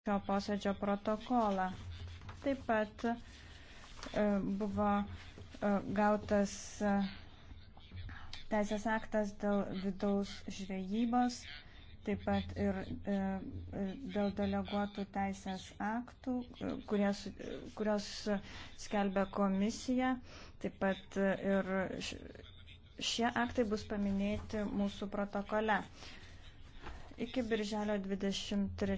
šio posėdžio protokolą. Taip pat e, buvo e, gautas e, teisės aktas dėl vidaus žvejybos, taip pat ir dėl deleguotų teisės aktų, kurios, kurios skelbia komisija, taip pat ir šie aktai bus paminėti mūsų protokole. Iki birželio 23.